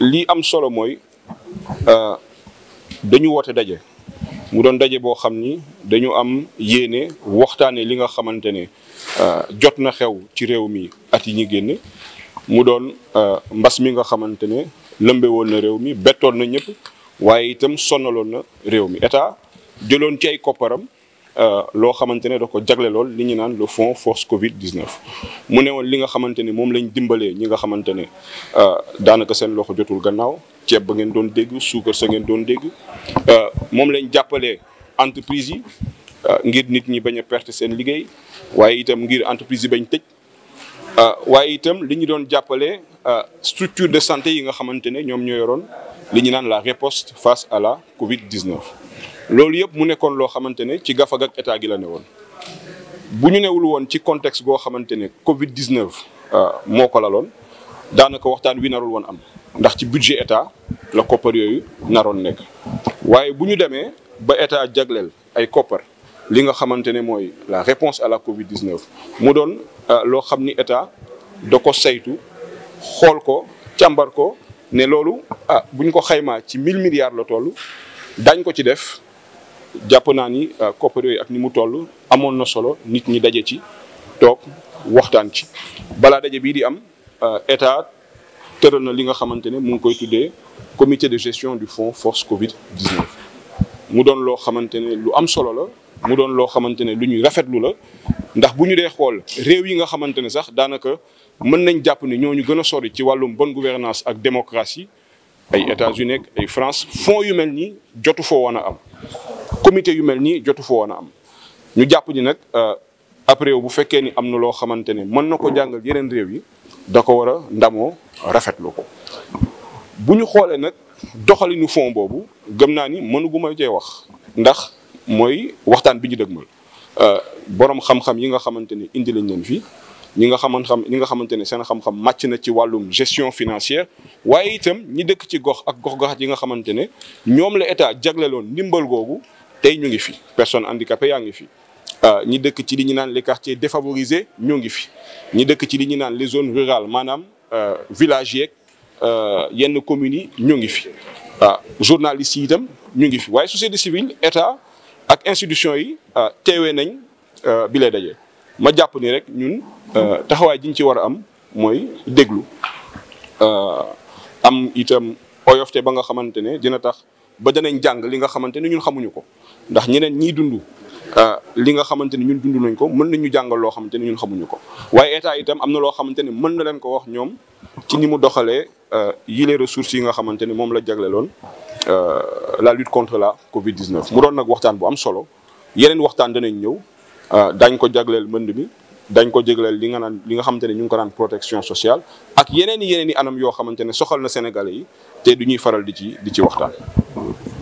lii am solo mooy euh, dañu woote daje mu doon daje boo xam ni dañu am yéene waxtaanee li nga xamante ne euh, jot na xew ci réew mi at ñi ñu génn mu doon euh, mbas mi nga xamante ne lëmbe na réew mi bettoon na ñëpp waaye itam sonaloon na réew mi état jëloon ci ay kopparam. Euh, loo xamante ne da ko jagle lool li ñu naan le fonds force Covid 19. mu ne woon li nga xamante ne moom lañ dimbalee ñi nga xamante ne euh, daanaka seen loxo jotul gannaaw ceeb ba ngeen doon dégg suukar sa ngeen doon dégg euh, moom lañ jàppale entreprise yi ngir nit ñi bañ a perte seen liggéey waaye itam ngir entreprise yi bañ tëj. waaye itam li ñu doon jàppale structure de santé yi nga xamante ne ñoom ñoo yoroon li ñu naan la riposte face à la Covid-19. loolu yëpp mu nekkoon loo xamante ne ci gafag ak état gi la ne woon bu ñu newul woon ci contexte goo xamante ne Covid-19 euh, moo ko laloon daanaka waxtaan wi narul woon am ndax ci budget état la koppar yooyu naroon nekk waaye bu ñu demee ba état jagleel ay koppar. li nga xamante ne mooy la réponse à la Covid-19 mu doon euh, loo xam ni état da ko saytu xool ko càmbar ko ne loolu ah buñ ko xaymaa ci mille milliards la toll dañ ko ci def jàpp naa ni ah, koppar yooyu ak ni mu toll amoon na solo nit ñi daje ci toog waxtaan ci balaa daje bii di am ah, état tëral na li nga xamante ne mu ngi koy tuddee commité de gestion du fonds force Covid 19 mu doon loo xamante ne lu am solo la. mu doon loo xamante ne lu ñuy rafetlu la ndax bu ñu dee xool réew yi nga xamante ne sax daanaka mën nañ jàpp ni ñoo ñu gën a sori ci wàllum bon gouvernance ak démocratie ay États-Unis ak ay France fonds yu mel nii jotu foo woon a am comité yu mel nii jotu foo woon a am ñu jàpp ni nag euh, après bu fekkee ni am na loo xamante ne mën na ko jàngal yeneen réew yi da ko war a ndamoo rafetlu ko bu ñu xoolee nag doxalinu fonds boobu gëm naa ni mënuguma cee wax ndax mooy waxtaan bi ñu dëgmal euh, borom xam-xam yi nga xamante ne indi lañ leen fii ñi nga xaman ñi nga xamante ne seen xam-xam màcc na ci wàllum gestion financière waaye itam ñi dëkk ci gox ak gox-goxat yi nga xamante ne ñoom la état jagleloon ndimbal googu tey ñu ngi fi personne handicapée yaa ngi fi. Euh, ñi dëkk ci li ñu naan les quartiers défavorisés ñoo ngi fi ñi dëkk ci li ñu naan les zones rurales maanaam euh, villages yeeg yenn communes yi ñoo ngi fi ah journalistes itam ñu ngi fi waaye société ak institution yi ah, teewee nañ ah, bilee daje ma jàpp ni rek ñun ah, taxawaay ji ci war a am mooy déglu am itam oyofte ba nga xamante ne dina tax ba nañ jàng li nga xamante ne ñun xamuñu ko ndax ñeneen ñiy dund li nga xamante ne ñun dund nañ ko mën nañu jàngal loo xamante ne ñun xamuñu ko waaye état itam am na loo xamante ne mën na leen ko wax ñoom ci ni mu doxalee euh, yile ressources yi nga xamante ni moom la jagleloon euh, la lutte contre la Covid 19. mu doon nag waxtaan bu am solo yeneen waxtaan danañ ñëw euh, dañ ko jagleel mbënd mi dañ ko jegleel li nga naan li nga xamante ne ñu ngi ko naan protection sociale ak yeneen i anam yoo xamante ne soxal na Sénégalais yi te du ñuy faral di ci di ci waxtaan.